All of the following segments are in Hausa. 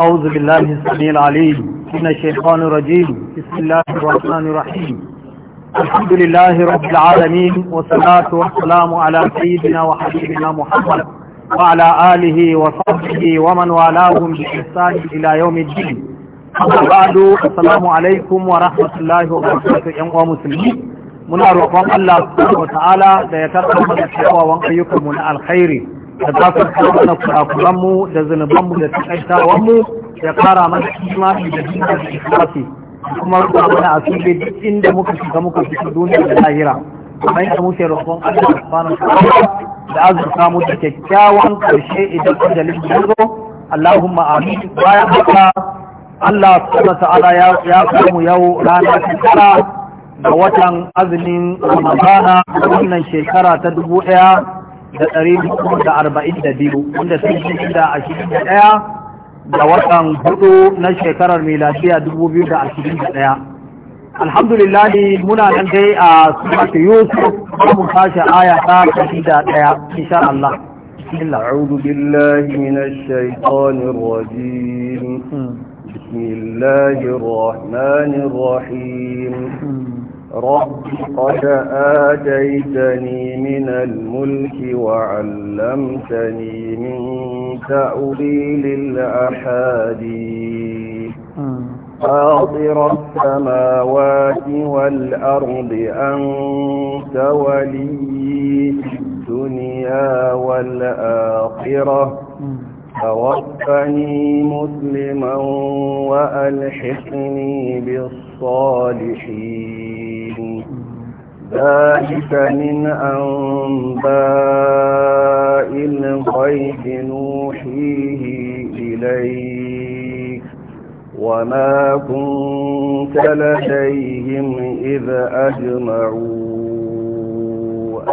أعوذ بالله السميع العليم من الشيطان الرجيم بسم الله الرحمن الرحيم الحمد لله رب العالمين والصلاة والسلام على سيدنا وحبيبنا محمد وعلى آله وصحبه ومن والاهم بإحسان إلى يوم الدين أما بعد السلام عليكم ورحمة الله وبركاته يا مسلمين muna roƙon Allah subhanahu wataala da ya karɓa mana cewa wan ayyukan mu na alkhairi da gafarta mana kurakuranmu da zunubanmu da mu ya kara mana kima da jina da ikhlasi kuma ruwa mana a duk inda muka shiga muka fito duniya da lahira kamar yadda muke roƙon Allah subhanahu wa ta'ala da azurta mu kyakkyawan karshe idan ajalin ya zo Allahumma amin bayan haka Allah subhanahu wa ta'ala ya samu yau rana ta tara ga watan azumin Ramadana wannan shekara ta dubu ɗaya da ɗari da arba'in da biyu wanda sun shi da ashirin da ɗaya da watan hudu na shekarar miladiya dubu biyu da ashirin da ɗaya alhamdulillah muna nan dai a suratu yusuf mu tashi aya ta ɗari da ɗaya insha Allah أعوذ بالله من الشيطان الرجيم بسم الله الرحمن الرحيم رب قد آتيتني من الملك وعلمتني من تأويل الأحاديث فاطر السماوات والأرض أنت ولي الدنيا والآخرة توفني مسلما وألحقني بالصلاة الصالحين ذلك من أنباء الغيب نوحيه إليك وما كنت لديهم إذ أجمعوا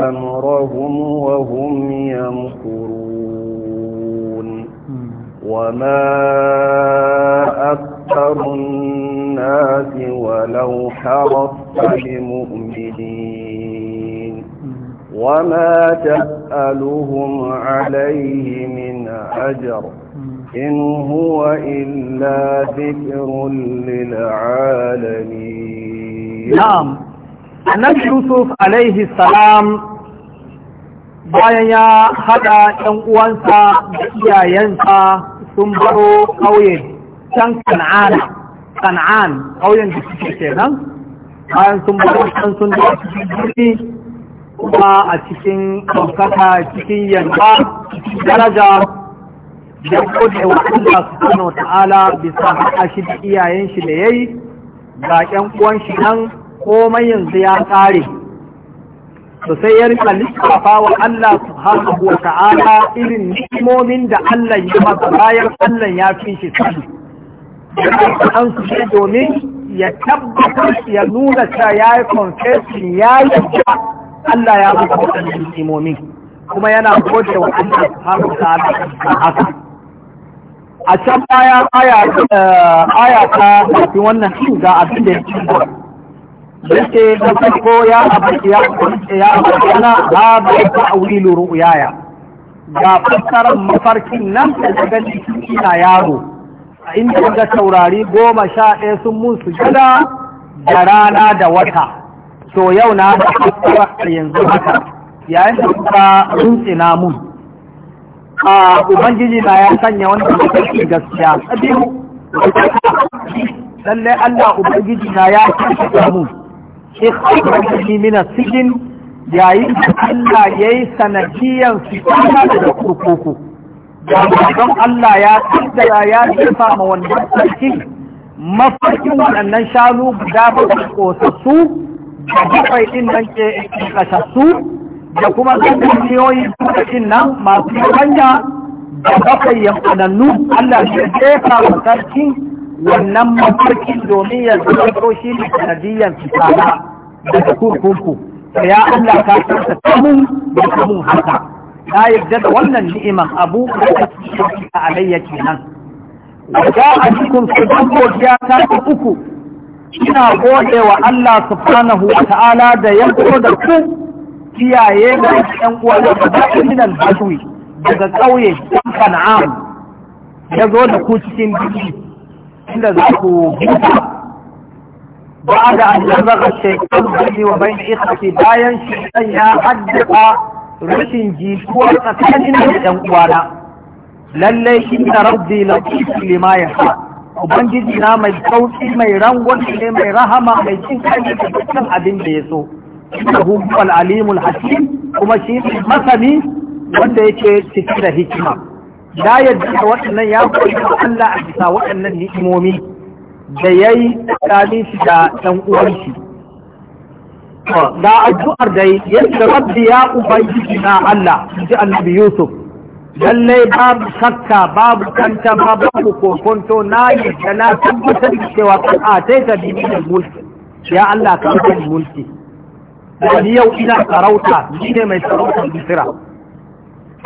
أمرهم وهم يمكرون وما أكثر الناس ولو حرصت بمؤمنين وما تسألهم عليه من أجر إن هو إلا ذكر للعالمين نعم النبي يوسف عليه السلام bayan ya haɗa ‘yan uwansa da iyayensa sun baro ƙauye can kan'ana kan'an ƙauyen da suke kenan bayan sun bayan sun da cikin kuma a cikin ɗaukaka cikin yanka daraja da kode wa Allah subhanahu ta'ala bisa haɗa shi da iyayen shi da yayi ga ƴan uwan shi nan komai yanzu ya tsare. to sai ya rika lissafa wa Allah subhanahu ta'ala irin ni'imomin da Allah ya masa bayan Allah ya fi shi sani an su shi domin ya tabbatar ya nuna cewa ya yi confession ya yi Allah ya buga waɗannan imomin kuma yana gode wa Allah subhanahu ta'ala haka a can baya eh, aya ta tafi wannan shi ga abin da ya ci gaba yake da farko ya abaki ya ya abana hada ta'wilu ru'yaya ga fassarar mafarkin nan da gani ina yaro inda ga taurari goma sha ɗaya sun mun gada da rana da wata to yau na da a yanzu haka yayin da kuka runtsina mun a ubangiji na ya sanya wani kusurci gaskiya Lallai Allah ubangiji na ya sanya mun ikhrajni mina as-sijn yayin da Allah yayi sanadiyan fitana da kurkuku da don Allah ya tattara ya jefa ma wannan sarki mafarkin waɗannan shanu guda su ƙosassu da bakwai ɗin nan ke kasassu da kuma ciyoyi lokacin nan masu hanya da bakwai yankunannu Allah ya jefa wa sarki wannan mafarkin domin ya zama shi ne sanadiyyar fitana daga kurkuku. Ya Allah ka kasa samun da samun haka. na yarda da wannan ni'imar abu da a alayya nan. ga a cikin su godiya ta uku ina gode wa Allah subhanahu wa ta'ala da yanko da ku kiyaye da yan uwa da bakin nan bashwi daga kauye Kan'an ya zo da ku cikin biki inda za ku huta بعد أن yi الشيطان bayan وبين إخوتي باين شيئا يا حدقا rashin jituwa tsakanin yan ɗan uwana lallai shi na rabbi latif lima ya ubangiji na mai sauki mai rangon ne mai rahama mai cin kai da dukkan abin da ya so innahu huwal alimul hakim kuma shi ne masani wanda yake cike da hikima Da yadda da waɗannan ya koyi Allah a bisa waɗannan ni'imomi da yayi tsakanin shi da ɗan uwan shi da addu'ar da yadda rabbi ya ubangiji na Allah ji annabi Yusuf lallai babu shakka babu kanta babu kokonto na yi da na tabbatar da cewa kan a sai ta bibi da mulki ya Allah ka kan mulki wani yau ina sarauta ni ne mai sarautar bisira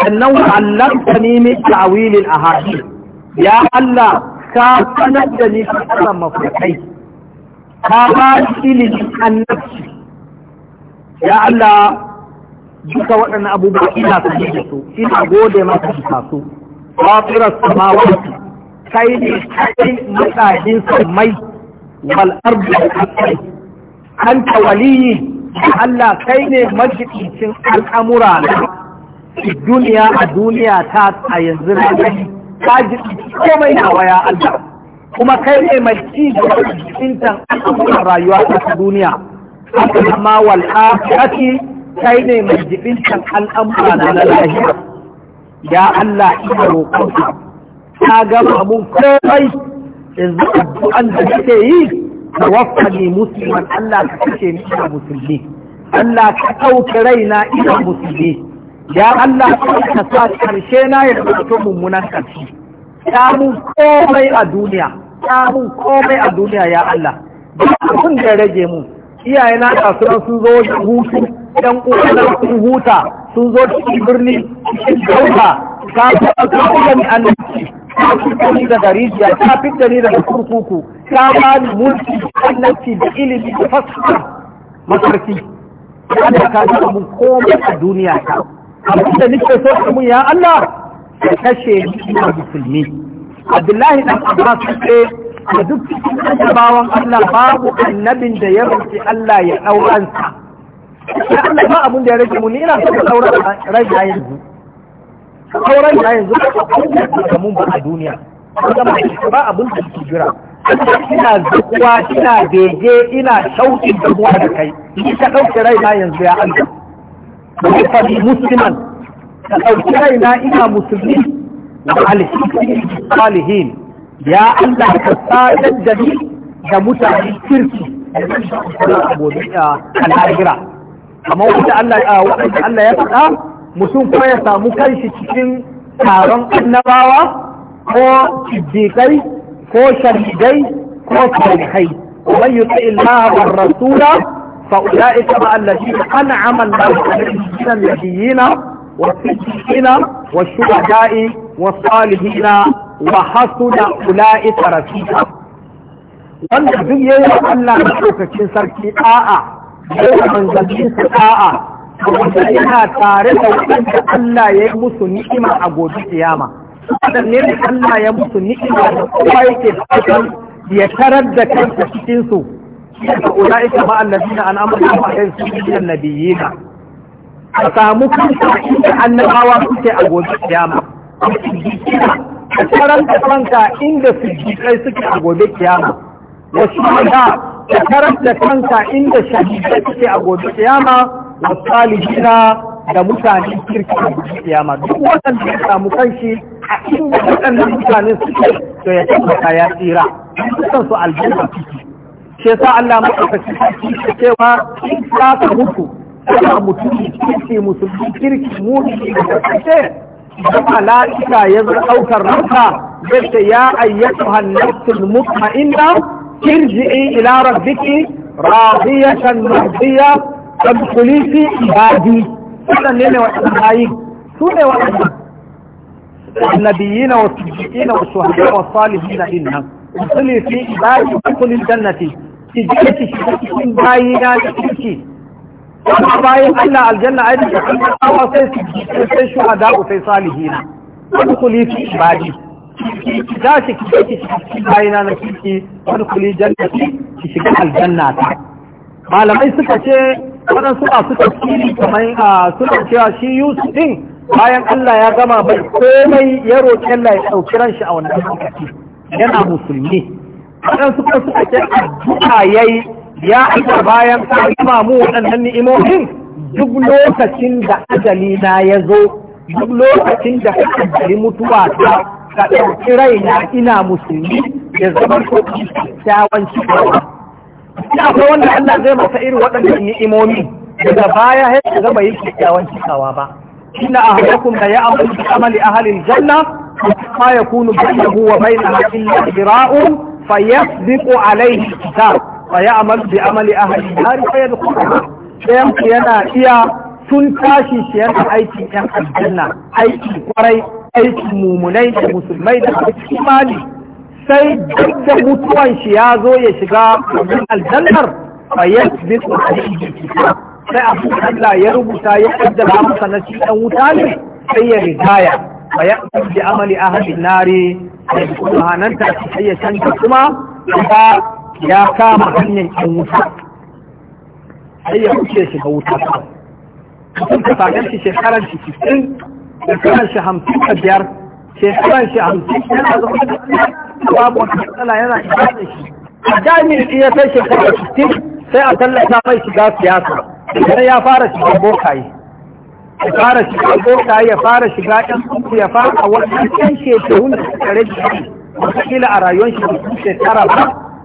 sannan wa'allamta ni min ta'wilil ahadith ya Allah ka sanar da ni fassarar mafarkai ka ba ilimi annabci ya Allah duka waɗannan abubuwa ina sanye da su ina gode maka bisa su fatirar samawati kai ne kai matsajin sammai wal da kai anta waliyi Allah kai ne majidicin al'amura na duniya a duniya ta a yanzu na gani ji komai na waya Allah kuma kai ne mai ci a al'amuran rayuwa ta duniya haka amma wal akhirati kai ne mai jibin kan al'amura na lahiya ya Allah ina roƙonka ta gama mun komai yanzu addu'an da kake yi ne musulman Allah ka kashe ni ina musulmi Allah ka ɗauki raina ina musulmi ya Allah ka sa karshe na ya zato mummunan karshe ya mun komai a duniya ya mun komai a duniya ya Allah ba abun da rage mu iyaye na kasuwan sun zo wajen hutu ɗan uwana sun huta sun zo cikin birni cikin dauka ta ta ta ni nufi ta fita ni daga rijiya ta fita ni daga kurkuku ta ba ni mulki nufi da ilimi da fasaha masarki kada ka ji mun koma a duniya ta abin da nake so ka mun ya Allah ka kashe ni musulmi Abdullahi dan Abbas sai a duk cikin annabawan Allah babu annabin da ya rufe Allah ya ɗauransa ya Allah ba abin da ya rage mu ni ina son sauran rai a yanzu sauran ya yanzu da mun ba a duniya ba abin da ke jira ina zuwa ina bege ina da damuwa da kai ni ka ɗauke rai na yanzu ya Allah ba musliman ka ɗauki rai na ina musulmi da alihin ya Allah ka sadar da ni da mutane kirki da zan sha a gobe a al'ahira amma wanda Allah ah, Allah ya faɗa mutum kuma ya samu kanshi cikin taron annabawa ko siddiƙai ko shahidai ko salihai ومن يطع الله والرسول فاولئك مع الذين انعم الله عليهم من النبيين والصديقين والشهداء والصالحين wa hasuna ula'ika rafiqa wanda duk yayi wa Allah lokacin sarki a'a yayi wa manzalin sa a'a wanda yana tare da wanda Allah ya yi musu ni'ima a gobe kiyama Wanda ne Allah ya musu ni'ima da kowa yake fatan ya tarar da kansa cikin su ula'ika ma allazina an'ama Allahu alaihim min nabiyina a samu kansa inda annabawa suke a gobe kiyama a karanta kanka inda su sujjikai suke a gobe kiyama wa shuhada a karanta kanka inda shahidai suke a gobe kiyama wa salihina da mutane kirki a gobe kiyama duk wannan ya samu kanshi a inda waɗannan mutane suke to ya tabbata ya tsira dukkan su aljanna ciki shi yasa Allah madaukakin sarki ke cewa in ka mutu kana mutum kirki musulmi kirki mu ne da kace da mala'ika ya zo ɗaukar ranka zai ce ya ayyatu hannatul mutma'inna irji'i ila rabbiki radiyatan mahdiya tadkhuli fi ibadi wannan ne ne wannan su ne wannan annabiyina wa siddiqina wa shuhada wa salihina inna tadkhuli fi ibadi tadkhuli jannati ki je ki shiga cikin bayina da kirki amma bayan Allah aljanna ai da kuma sai su sai shuhada sai Wani kuli fi ibadi za ki kike ki bayan na wani kuli janna ki shiga aljanna ta malamai suka ce waɗansu a suka kiri kamar a ah, suna cewa shi Yusuf din bayan Allah ya gama bai komai ya roƙi Allah ya ɗauki ran shi a wannan lokaci yana musulmi waɗansu kuma suka ce addu'a yayi ya aika bayan ka gama mu waɗannan ni'imomin duk lokacin da ajali na ya zo duk lokacin da ka ajali mutuwa ta ka ɗauki raina ina musulmi ya zama ko kyakkyawan cikawa ina akwai wanda Allah zai masa irin waɗannan ni'imomi daga baya ya shiga bai kyakkyawan cikawa ba Ina a inna ahadakum la ya'malu bi amali ahli al-janna ma yakunu bainahu wa bainaha illa dira'un فيسبق عليه الكتاب fa ya'mal bi amali ahli har fa yadkhul sayan yana iya tun tashi shi yana aikin yan aljanna aiki kwarai aiki, mumunai da musulmai da imani sai duk da mutuwan shi ya zo ya shiga aljannar fa yasbiqu alayhi sai abu Allah ya rubuta ya kaddara masa na cikin wuta ne sai ya rigaya fa ya bi amali ahli nari da kuma nan ta sai ya canza kuma ba ya kama hanyar ɗan wuta sai ya wuce shi ga wuta mutum ka faɗin shi shekarar shi cikin shekarar shi hamsin da biyar shekarar shi hamsin yana zaune da babu wata matsala yana shiga da shi a jami'in ya kai shekarar cikin sai a tallata mai shiga siyasa sai ya fara shiga bokaye ya fara shiga bokaye ya fara shiga ɗan kuku ya fara a wasu ɗan shekarun da suka rage wata kila a rayuwar shi da shekara ba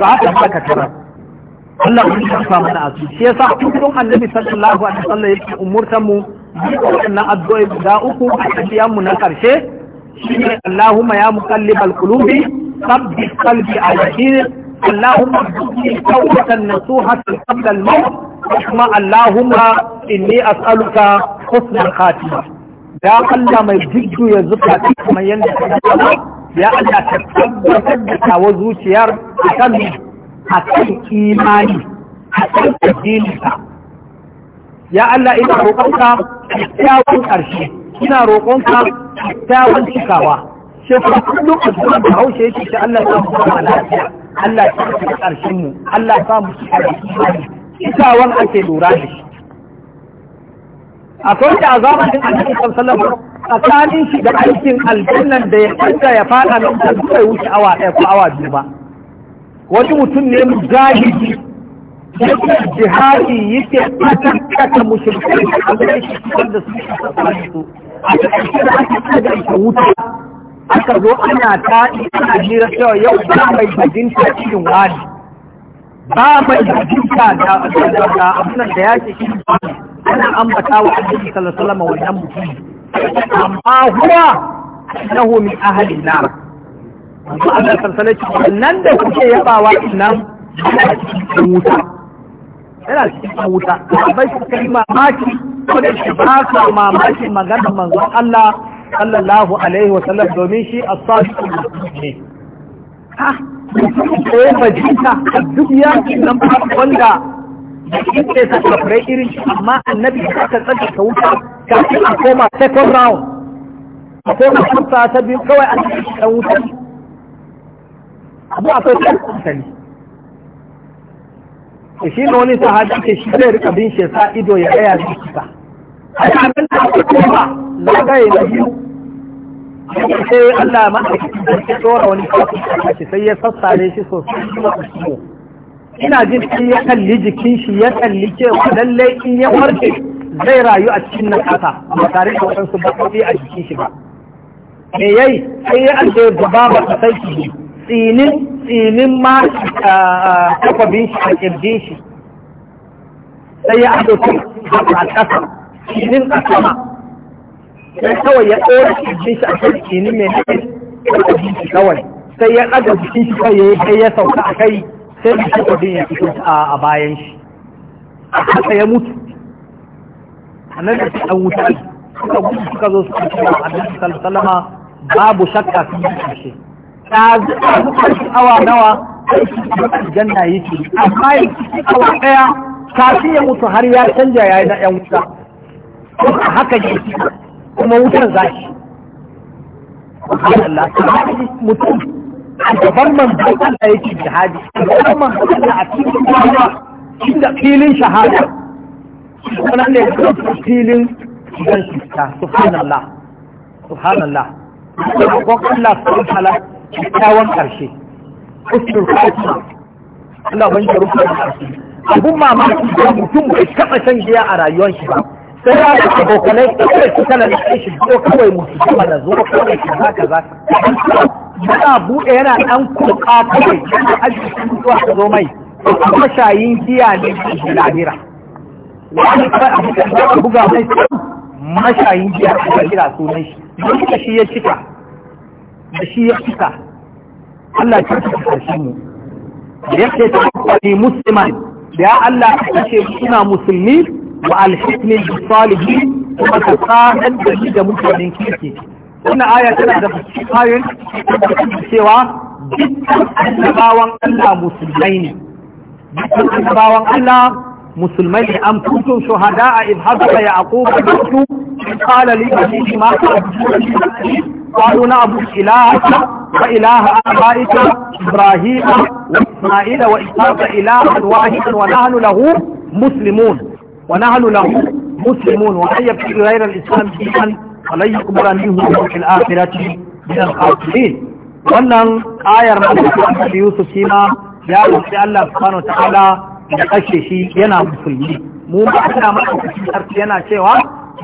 ba haka ba ka tara Allah mun san mana asu shi yasa kullum annabi sallallahu alaihi wasallam yake umurtan mu na addu'a guda uku a cikin mu na karshe shine Allahumma ya muqallibal qulubi thabbit qalbi ala dinik اللهم ارزقني توبة نصوحة قبل الموت ثم اللهم إني أسألك حسن الخاتمة ya Allah mai jiddu ya zuka ta kamar yadda ta zama ya Allah ta tabbatar da tawo zuciyar a kan a kan imani a kan addininka ya Allah ina roƙonka kyawun ƙarshe ina roƙonka kyawun cikawa shi kuma kullum addu'a da haushe yake shi Allah ya mu zama lafiya Allah ya mu ƙarshenmu, Allah ya mu cikawa ikawan ake lura da shi A akwai da a zamanin annabi sallallahu alaihi tsakanin shi da aikin aljannan da ya tsaya ya fada nan da zai wuce awa ɗaya ko awa biyu ba wani mutum ne mu zahiri yake jihadi yake fatan kata mushrikai da Allah shi da su shi su a cikin da ake tsada ita wuta aka zo ana taɗi ana jira cewa yau ba mai bajinta cikin wani ba mai jinka da da abinan da ya ce shi ana ambata wa annabi sallallahu alaihi wasallam wannan mutum amma huwa innahu min ahli nar amma Allah sallallahu alaihi nan da kuke yabawa nan yana wuta yana cikin wuta bai su kai mamaki ko da shi ba ka mamaki maganar manzon Allah sallallahu alaihi wasallam domin shi as-sadiq ne ha ɗaya bajinta duk yakin nan ba wanda yake sakafurai irin amma annabi da aka tsaka ta wuta kafin a koma second round a koma kusa ta biyu kawai an ta wuta abu akwai ta hankali da shi ne wani sahabi ke shi zai rika bin shi sa ido ya gaya shi kisa a yi abin da aka koma zagaye na biyu sai Allah ma a tsora wani kafin sai ya sassare shi sosai kuma usmo ina jin in ya kalli jikin shi ya kalli cewa lallai in ya warke zai rayu a cikin nan kasa ba tare da waɗansu baƙoƙi a jikin shi ba me yayi sai ya aje gaba ba ta sai ki tsinin tsinin ma takwabin shi a kirjin shi sai ya aje ta a ƙasa tsinin ƙasa ma sai kawai ya ɗora jikin shi a kan kinin mai nufin ɗora jikin kawai sai ya ɗaga jikin shi kawai sai ya sauka a kai sai da shi kudin ya fito a bayan shi a haka ya mutu a nan da shi an wuta suka gudu suka zo suka ce wa annabi sallallahu babu shakka sun yi kashe ta zuka shi awa nawa sai shi aljanna yake amma ya ci awa ɗaya kafin ya mutu har ya canja yi na ƴan wuta haka ne kuma wutar za shi Allah mutum a gaban manzon Allah yake jihadi a gaban manzon da a cikin dama inda filin shahada kuma ne filin gidan shi ta subhanallah subhanallah ƙarshe rufe da ƙarshe mamaki da mutum bai taɓa shan giya a rayuwar shi ba sai ya ga abokanai da kai kuka na nake shi ko kawai mu fita mana zo ko ne ka haka za yana bude yana dan kuka kai yana ajiye zuwa ka zo mai kuma shayin giya ne shi lahira wani ka buga mai mashayin giya a kira sunan shi da shi ya cika da shi ya cika Allah ya cika karshen mu da yake ta kwani musliman ya Allah ya ce kuna musulmi والحكم بالصالحين وتقاهن بشيد مسلمين كيكي هنا آية تنعد في الشيطان سوى جدا أنباوان ألا مسلمين جدا أنباوان ألا مسلمين أم كنتم شهداء إذ حضر يعقوب قال لي بشيد ما قالوا نعبد إلهك وإله آبائك إبراهيم وإسماعيل وإسحاق إلها واحدا ونحن له مسلمون ونحن له مسلمون ومن يبتغي غير الاسلام دينا فلن يقبل منه في الاخره من الخاسرين wannan ayar na da Yusuf sima ya rufe Allah subhanahu ta'ala da kashe shi yana musulmi mu ma ana masa cikin yana cewa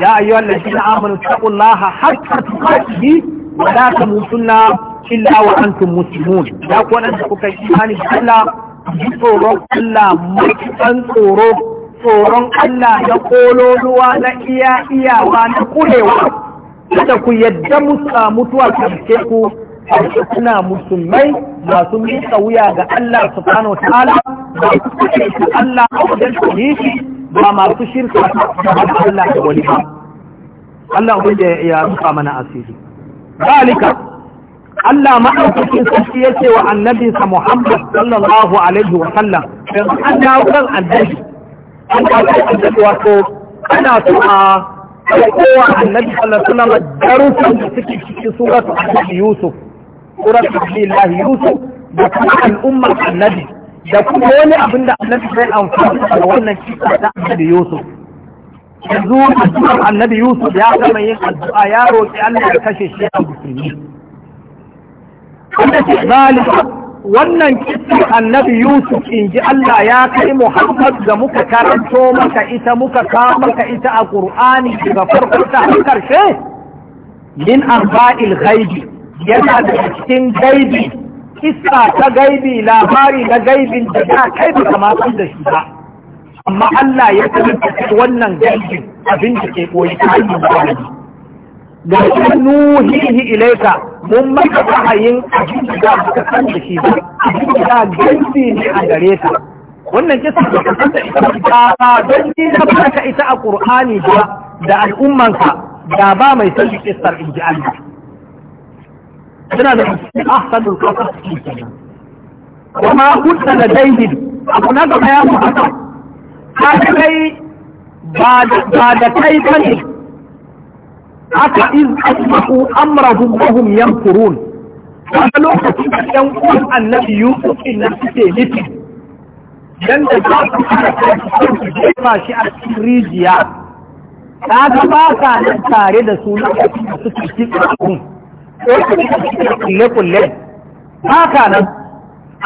ya ayyuhal ladina amanu taqullaha haqqa tuqatih wa la tamutunna illa wa antum muslimun ya kuwa da kuka yi imani da Allah ji tsoro Allah mutan tsoro tsoron Allah na kololuwa na iya iyawa na kurewa kada ku yadda mutuwa karshe ku karshe kuna musulmai masu miƙa wuya ga Allah subhanahu wa ta'ala ba ku kuke su Allah a wajen tarihi ba masu shirka da Allah da wani ba Allah ubin da ya rufa mana asiri zalika Allah ma'aikacin sarki ya wa annabinsa Muhammad sallallahu alaihi wa sallam yanzu an dawo kan annabi an ba ka annabi wato ana so a kowa annabi sallallahu alaihi wasallam darussan da suke cikin suratu annabi yusuf suratu annabi yusuf da kuma al'ummar annabi da kuma wani abin da annabi zai amfani da wannan kisa da annabi yusuf yanzu addu'ar annabi yusuf ya gama yin addu'a ya roƙi allah ya kashe shi a musulmi wanda ke zalika wannan kitin annabi Yusuf in ji Allah ya kai Muhammad da muka karanto maka ita muka kawo maka ita a ƙur'ani daga farko ta karshe min arba'il ghaibi yana da cikin gaibi kissa ta gaibi labari na gaibin da ya kai ba kamata da shi ba amma Allah ya kai wannan gaibin abin da ke koyi ta hanyar ga shi nuhihi ilaika mun maka wahayin abin da ka san da shi ba abin da gaibi ne a gare ka wannan kisa da ka san da ita ba don ni na baka ita a qur'ani ba da al'ummanka da ba mai san da kisar inji Allah suna da ahsanul qasas kuma kunta da daidin abu na gaba ya mu haka ka kai ba da kai bane haka iz asbahu amrahum wa hum yanfurun wani lokacin da ɗan uwan annabi Yusuf din nan suke nufi dan da za su fara kai su jefa shi a cikin rijiya ta ga ba ka nan tare da su lokacin da suke cikin abun Ko da cikin kulle-kulle ba ka nan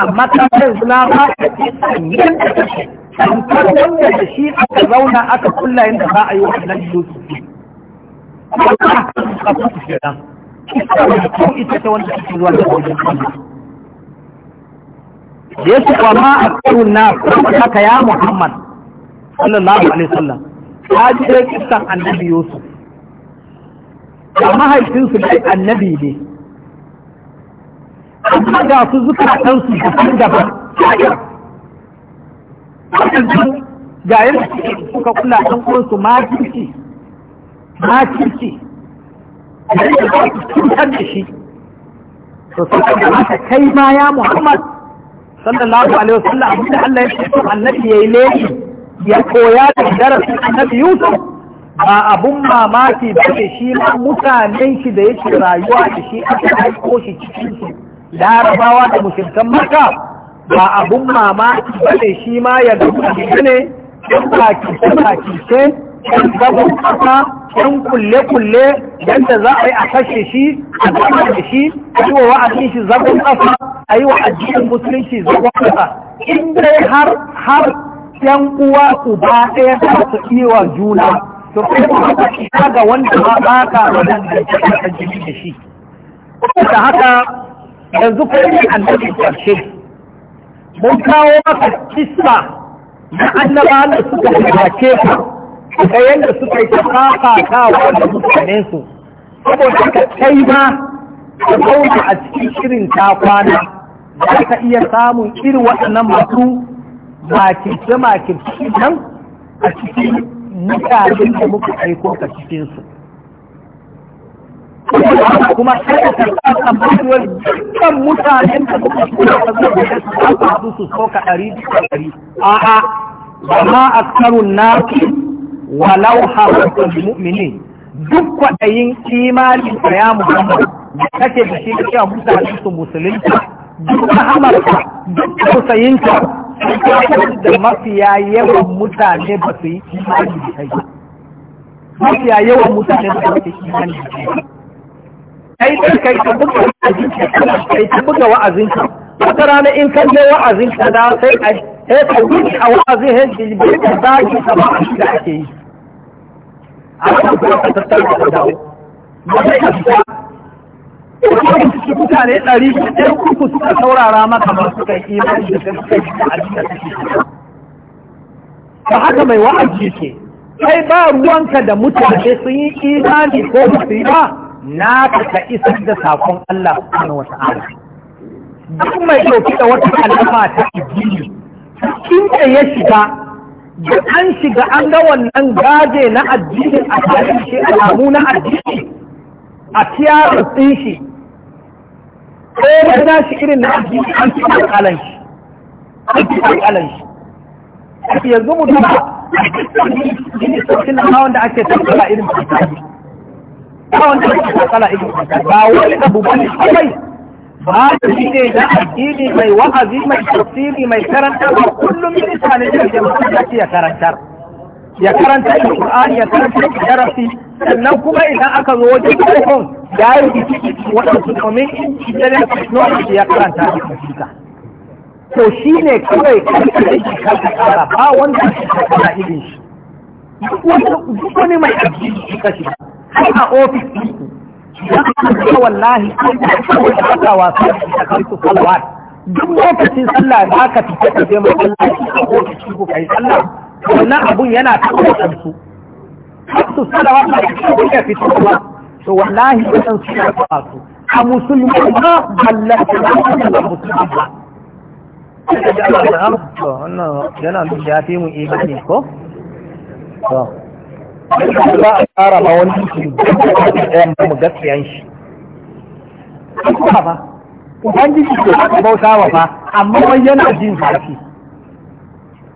amma ta yanzu suna ba ka cikin yadda kake tamkar wanda da shi aka zauna aka kulla yadda za a yi wa annabi Yusuf din a kusa shaidan ko ita ta wanda ake zuwa da wajen da yake kuwa ma a tsohon na haka ya muhammad sallallahu alaihi sallam ta ji ɗaya kisan annabi yusuf da mahaifinsu da annabi ne amma ga su zukatansu daban daban ga yadda suka kula ɗan uwansu ma kirki makirci da yake ba su cutar da shi to sai ka mata kai ma ya Muhammad sallallahu alaihi wasallam abinda Allah ya ce annabi yayi laifi ya koya da darasin annabi Yusuf ba abun mamaki ba ke shi ma mutanen shi da yake rayuwa da shi aka aiko shi cikin su larabawa da mushrikan maka ba abun mamaki ba ne shi ma ya gabu ne yan baki baki yan gaban kasa yan kulle-kulle yadda za a yi a kashe shi a gama da shi a yi wa wa'adin shi zagon ƙasa, a yi wa addinin musulunci zagon ƙasa. in dai har har yan uwa ku ba ɗaya za su iya wa juna to kai ba ka shiga ga wanda ba ba ka wadanda ya jini da shi da haka yanzu kai ne annabi karshe mun kawo maka kisa na annabawa da suka gabace ka ga yadda suka yi ta fafatawa mutane mutanen su saboda ka kai ma ka zauna a cikin shirin ta kwana za ka iya samun irin waɗannan masu makirce makirce nan a cikin mutanen da muka aiko ka cikin su kuma sai ka tsaka mutuwar dukkan mutanen da muka tura ka zuwa da su zaɓa su ka ɗari bisa ɗari a'a ba ma a karun nasi walau harasul mu'mini duk kwaɗayin imanin ka ya muhammad da kake da shi cewa mutane su musulunta duk rahamarka duk tausayinka da mafiya yawan mutane ba su yi imani da kai mafiya yawan mutane ba su yi imani da kai kai kai kai ka buga wa'azinka kai ka buga wa'azinka wata rana in kan je wa'azinka da sai a sai eh, ka wuce a wa'azin hin eh, da zaki ka ba a shi da ake yi a wannan kuma ka tattara da dawo ba ka fita kuma cikin mutane ɗari ɗan uku suka saurara maka ba suka yi imani da kan suka yi a cikin suke ba haka mai wa'azi ke kai ba ruwanka da mutane sun yi imani ko ba su yi ba na ka isar da sakon Allah subhanahu wa ta'ala duk mai ɗauki da wata alama ta addini kin da ya shiga da an shiga an ga wannan gaje na addinin a tsarin shi alamu na addini a tiyarar ɗin shi ko ba na shi irin na addini an fi alƙalan shi an fi alƙalan shi yanzu mu duba ne sokin na hawan da ake tattala irin fasari hawan ake tattala irin ba wani abu ba ne kawai ba da shi ne na addini mai wa'azi mai tafsiri mai karanta ba kullum minista ne da jama'a ya karantar ya karanta alƙur'ani ya karanta jarafi sannan kuma idan aka zo wajen telefon ya yi rikici waɗansu domin internet technology ya karanta a kwamfuta to shi ne kawai karka da shi karka kara ba wanda shi karka irin shi duk wani mai addini shi kashi har a ofis ya wallahi ta wasa duk lokacin sallah da aka fita ka je masallaci a lokaci kai sallah wannan abun yana tabbatar su su salawat da kuka fita ba to wallahi wannan suna ba su a musulmi ma ballanta da musulmi ba yana da ya fi mu imani ko? ba a tsara ba wani shi ɗayan mu gaskiyan shi ba ubangiji ke bauta wa ba, amma wani yana jin zafi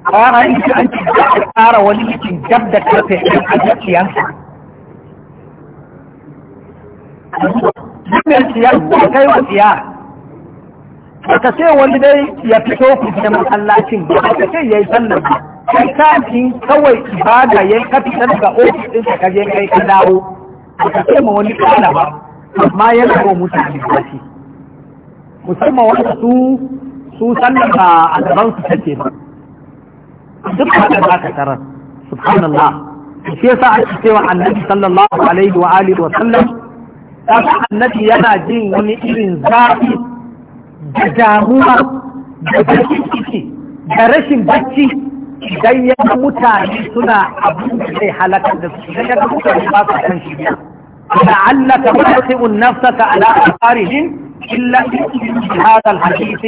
ƙara in shi an ci a tsara wani cikin gab da karfe ɗan a gaskiyansa Jami'ar siyar da kai wa siyar ba ka ce wani dai ya fito ku je masallacin ba ka ce ya yi sallar ba kai ka shi kawai ibada ya ka fitar daga ofis din ka je kai ka dawo ba ka ce ma wani kana ba amma ya ko mutane ba shi musamman wanda su su sallan ba a gaban su take ba duk haka za ka tarar subhanallah shi yasa ake cewa annabi sallallahu alaihi wa alihi wa sallam kaga annabi yana jin wani irin zafi da damuwa da bakin ciki da rashin bacci idan ya ga mutane suna abin da zai halakar da su idan ya ga mutane ba su ka shirya la'allaka mutsi'un nafsaka ala asarihim illa bi hada al-hadith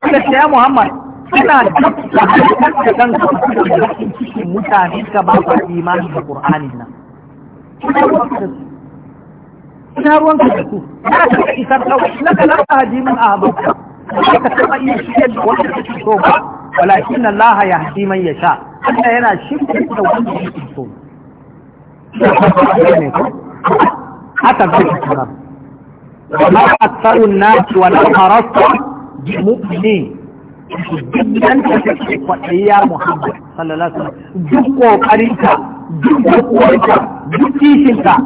kada sai ya muhammad suna da kan mutane ka ba su imani da qurani nan ina ruwan da su na ka isar kawai na ka lafa hadimin a ولكن الله يهدي من يشاء أنه هنا شبه التوحيد للسلطون حتى بشكل أكثر الناس ولا حرصت مؤمنين جميعاً تشكيك وإيا محمد صلى الله عليه وسلم جبك وقريكا جبك وقريكا جبتيشنكا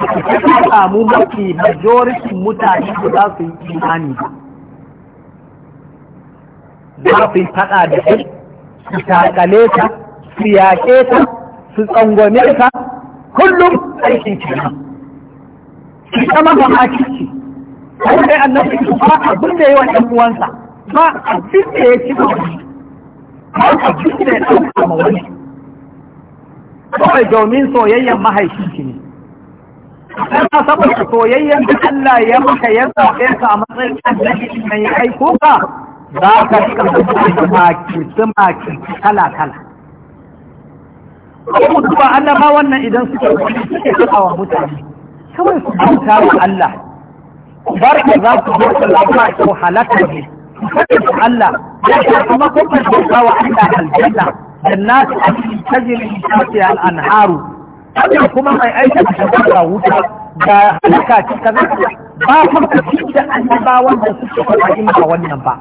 تشكيك أمومكي مجورك متعيب داخل إيماني za su yi faɗa da kai su takale ta su yaƙe ta su tsangwane ta kullum aikin kenan ki zama ba a ciki kuma dai annabi ba abin da yawan ɗan uwansa ba abin da ya ci ba ba abin da ya ɗauka ma wani kawai domin soyayyen ki ne kana saboda soyayyen da Allah ya maka ya zaɓe ka a matsayin annabi mai aiko ka ba ka rika maki makirce kala kala kuma duba ba wannan idan suke wani suke saka wa mutane kawai su bauta wa Allah bar ka za ku zo ku lafa ko halaka ne kada ku Allah ya kuma ku bauta wa Allah aljanna jannatu tajri min tahtiha al-anharu kada kuma mai aiki da wuta ga halaka cikin ba kuma cikin annabawan da suke faɗa in ba wannan ba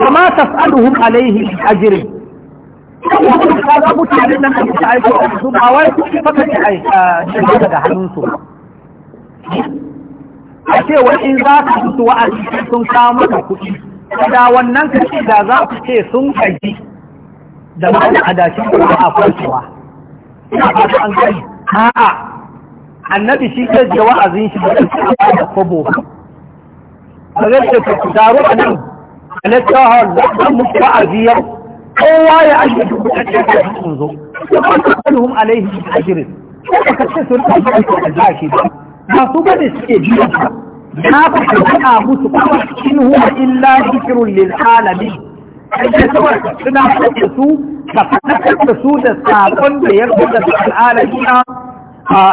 وما تسألهم عليه من أجر a su in za ka fito wa sun kama kuɗi da wannan ka da za ku ce sun kaji da wani adashi ko a farcewa ina fata an kai a'a annabi shi ke a wa'azin shi da kobo ba zai ce ku taro a nan halittawa zaɓen mutu a biyar kowa ya ake dubutaccen da sun zo da ba su kanuhun alaihi a jirin ko ka ce sun tafi aiki a zashi ba ba su ba da suke biyan ba na fata suna musu kuma in huwa illa zikirun lil alamin kai da suna fata su ka fata da su da sakon da ya fita da al'alamiya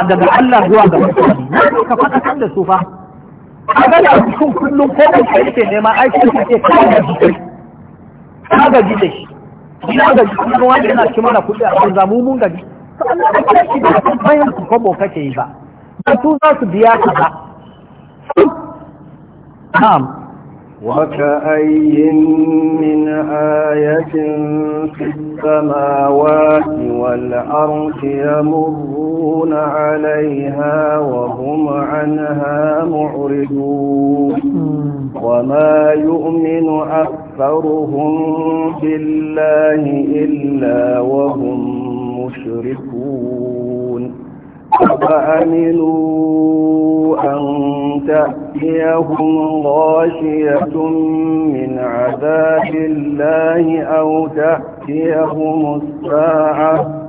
daga Allah zuwa ga mutane ka fata da su fa kaga da mutum kullum ko kai ka yake nema ai shi kake kaga ji ka ga ji shi ina ga ji kuma wanda yana ci mana kuɗi a cikin zamu mun gaji to Allah ya kira shi da bayan ku kobo kake yi ba da su za su biya ka ba na'am وكأي من آية في السماوات والأرض يمرون عليها وهم عنها معرضون وما يؤمن أكثرهم بالله إلا وهم مشركون فأمنوا أن تأتيهم غاشية من عذاب الله أو تأتيهم الساعة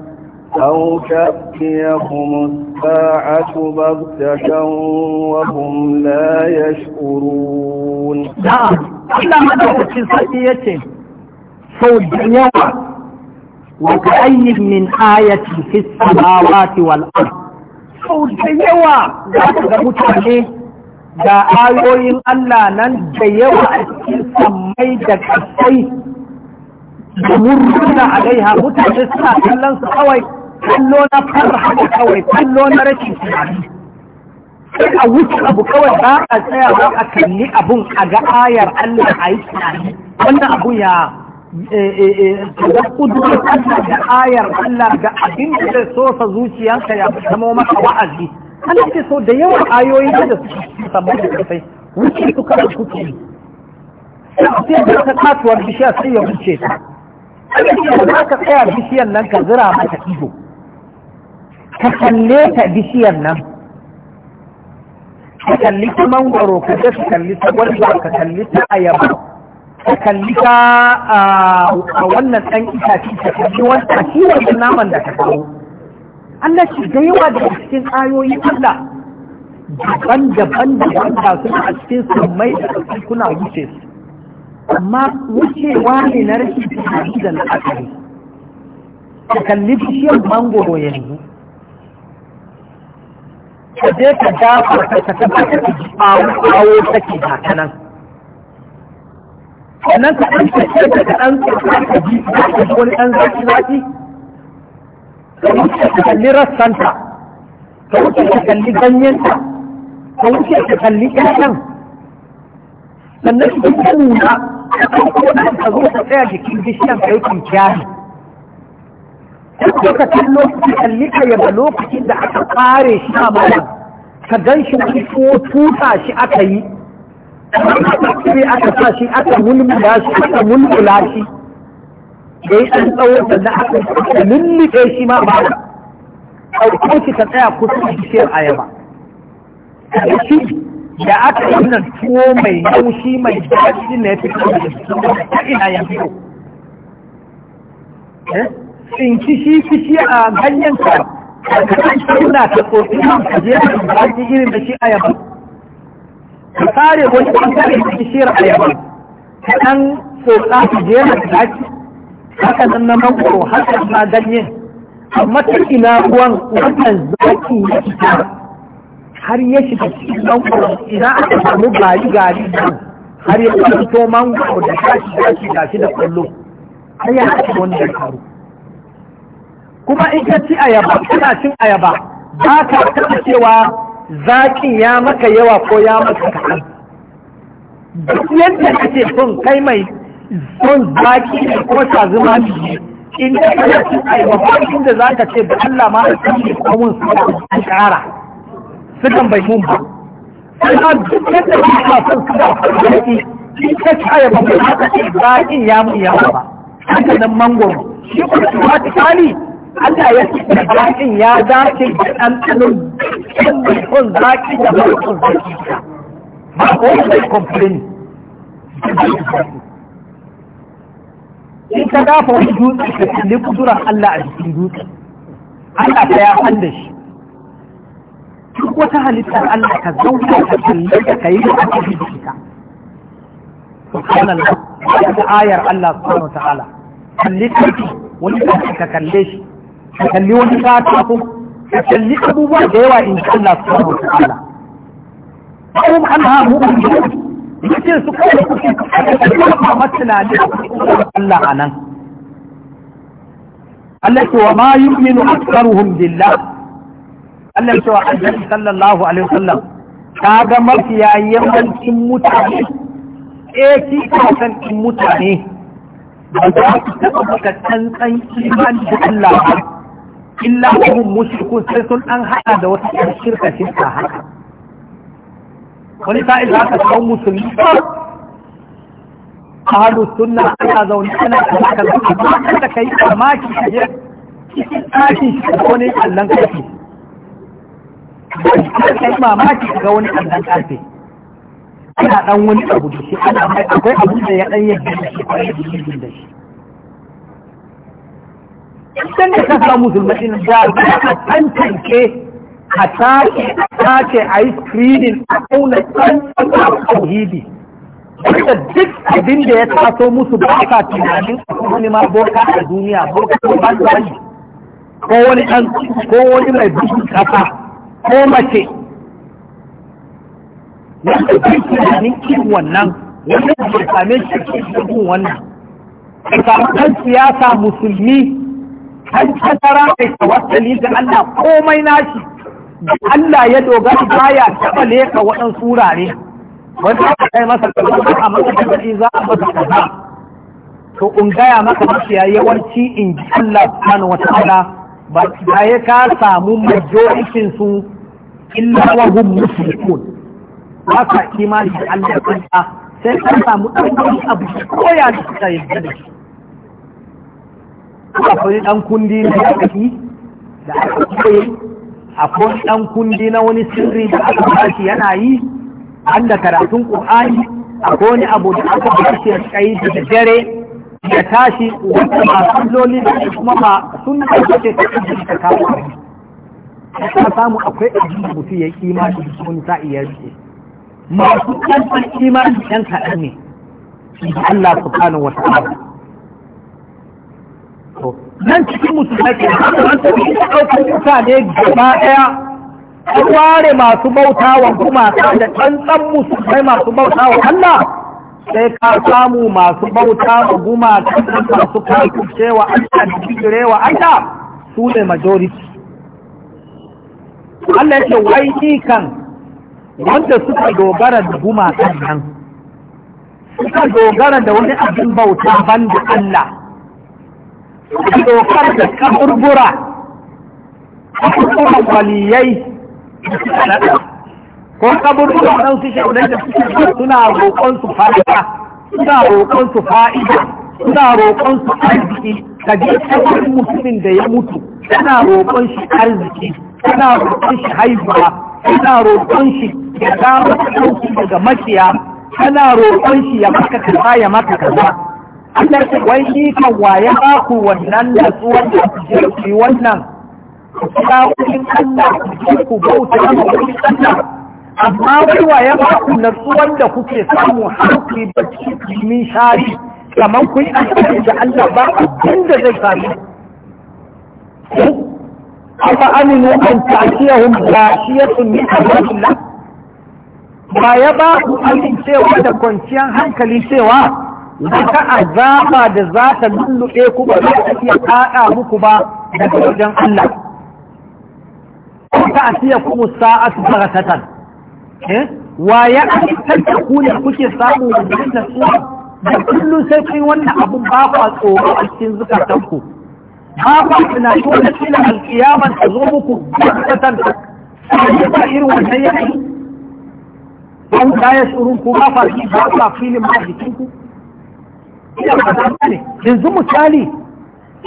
أو تأتيهم الساعة بغتة وهم لا يشعرون نعم إلا مدعو في صحية صوت يوم وكأي من آية في السماوات والأرض sau da yawa za ka ga mutane da ayoyin Allah nan da yawa a cikin sammai da kasai da murna a gaiha mutane suna kallon su kawai kallo na farha da kawai kallo na rashin tunani sai a wuce abu kawai ba a tsaya ba a kalli abun a ga ayar Allah a yi tunani wannan abu ya Eh, eh, eh, da kudurin Allah da ayar Allah da abin da zai sosa zuciyarka ya zama maka wa'azi Allah ke so da yawan ayoyi da su samu da kasai wuce su kada kuke sai da ka katuwar bishiya sai ya wuce ta za ka tsaya bishiyar nan ka zira mata ido ka kalle ta bishiyar nan ka kalli ta mangwaro ka kalli ta gwalba ka kalli ta ayaba ka kalli ka a wannan ɗan itace ka kalli wanda shi da naman da ka kawo Allah shi da yawa daga cikin ayoyi Allah daban-daban da wanda suna a cikin sammai da ƙarfi kuna wuce su amma wucewa ne na rashin tunani da la'akari ka kalli bishiyar mangoro yanzu ka je ka dafa ka tabbatar da awo take ta nan sannan ka ɗan kashe ka ɗan ka ji ka wani ɗan zaki zaki ka wuce ka kalli rassanta ka wuce ka kalli ganyenta ka wuce ka kalli ƴaƴan sannan ka ji nuna ka ɗauko ɗan ka zo ka tsaya jikin bishiyan ka yi kwanciyari ka kallo ka kalli ka yaba lokacin da aka ƙare shi a malam ka gan shi wani ko tuta shi aka yi kiri aka sa shi aka mulmula shi aka shi da aka ma ba ɗauko shi ka tsaya kusa bishiyar ayaba da shi aka yi nan tuwo mai laushi mai daɗi na ya fito da ina ya fito eh? in shi kishi a ganyen ka ka kan suna ta tsotsi ka je irin da shi ayaba ka kare wani ɓangare da kishiyar ayaban ka Kaɗan tsotsa ka jera da daki haka nan na mangoro haka na ganyen amma ta ina ruwan wannan zaki ya fita har ya shiga cikin mangoro ina aka samu gari gari nan har ya fito mangoro da daki daki gashi da shi da kwallo har ya haka wani da karu kuma in ka ci ayaba kana cin ayaba ba ka taɓa cewa zaƙin ya maka yawa ko ya maka kaɗan duk yadda kake son kai mai son zaƙi ne ko sa zuma ne in ka kana cin aiwa da za ka ce da Allah ma a kan kawun su an ƙara sukan bai mun ba amma duk yadda ba son su da zaƙi in ka ci aiwa ba ka ce zaƙin ya mu yawa ba haka nan mangoro shi kuma tuwa ta Allah ya ce da ya dace da ɗanɗanon ɗanɗanon zaƙi da barkon zaƙi ba ko wani complain in ka dafa wani dutse ka kalli kudurar Allah a jikin dutse Allah ta ya san shi duk wata halittar Allah ka zauna ka kalli ka kai da aka yi da ita subhanallah ya ga ayar Allah subhanahu wa ta'ala kalli ka wani ka kalle shi ka kalli wani katako ka kalli abubuwa da yawa in Allah subhanahu wa ta'ala ko an ha mu yace su kai kuke kuma matsala ne Allah anan Allah ce wa ma a aktsaruhum billah Allah ce wa annabi sallallahu alaihi wasallam ka ga mafiya yawancin mutane eh, kasan in mutane ba za su taɓa maka tsantsan imani da Allah ba illa kuma mushrikun sai sun an hada da wata shirka shirka shirka haka wani sa'il za ka kawo musulmi hadu sunna ana zaune ana kaza kaza amma kada kai mamaki ka je cikin ɗakin shi ko ne kallon kafi kada kai mamaki ga wani allon kafi ana dan wani abu da shi ana akwai abu da ya dan yadda shi ko ya da shi idan da ka samu musulmai da a tantance a tace a a yi screening a kauna tsantsanta tauhidi wanda duk abin da ya taso musu ba ka tunanin wani ma boka a duniya boka ko ba su wani ko wani ɗan ko wani mai bisu kafa ko mace wanda duk tunanin kin wannan wanda ya same shi cikin wannan ka samu kan siyasa musulmi har kasara kai tawassali ga Allah komai nashi Allah ya dogara baya taɓa leka waɗansu wurare wanda aka kai masa kalmar a matsayin kalmar za a masa kaza to in gaya maka mafiya yawanci in ji Allah subhanahu wa ta'ala ba ta ya ka samu majoritin su illa wa hum mushrikun ba ka imani da Allah kanka sai ka samu ɗan abu ko ya da suka yarda da shi akwai dan kundi na yaki da aka koyi akwai dan kundi na wani sirri da aka bashi yana yi an da karatun qur'ani akwai wani abu da aka kashi ya kai da dare ya tashi wata ba loli da kuma ba sun da take ta kawo ka samu akwai abin da mutum ya imani da wani sa'i ya rike masu kalmar imani ɗan kaɗan ne Allah subhanahu wa ta'ala nan cikin musulmai ke an da ɗaukar mutane gaba ɗaya an ware masu bauta wa gumaka da tsantsan musulmai masu bauta wa Allah sai ka samu masu bauta wa gumaka da masu kakuce wa Allah da jigire wa Allah su ne majority Allah ya ce wai ikan wanda suka dogara da gumakan nan suka dogara da wani abin bauta ban da Allah dokar da kaburbura kuma kwaliyai, ko kaburbura nan su shaudai da suke suna roƙon su fa'ida suna roƙon su fa'ida suna roƙon su arziki ka je kaburin musulmin da ya mutu suna roƙon shi arziki suna roƙon shi haihuwa suna roƙon shi ya zama ɗauki daga mashiya, suna roƙon shi ya maka kaza ya maka kaza Allah ce wai shi kan waye ba ku wannan natsuwar da ku wannan ku kira wurin Allah ku je ku bauta ma wurin Allah amma wai ya ba ku natsuwar da kuke samu har ku yi bacci min shari kamar ku yi da Allah ba abin da zai sami afa aminu an ta'tiyahum ghashiyatun min amrillah ba ya ba ku amincewa da kwanciyar hankali cewa wata azaba da za ta lulluɓe ku ba za ta iya kaɗa muku ba daga wajen Allah ta asiya kuma sa'atu baratatan eh wa ya aikata ku ne kuke samu da nasuwa da kullum sai kun wannan abun ba ku a tsoro a cikin zukatanku ba ku tunani wanda kila alkiyama ta zo muku baratatan sai ba irin wannan yanayi an da ya tsurun ku ba fa ba fa filin ma jikinku yanzu misali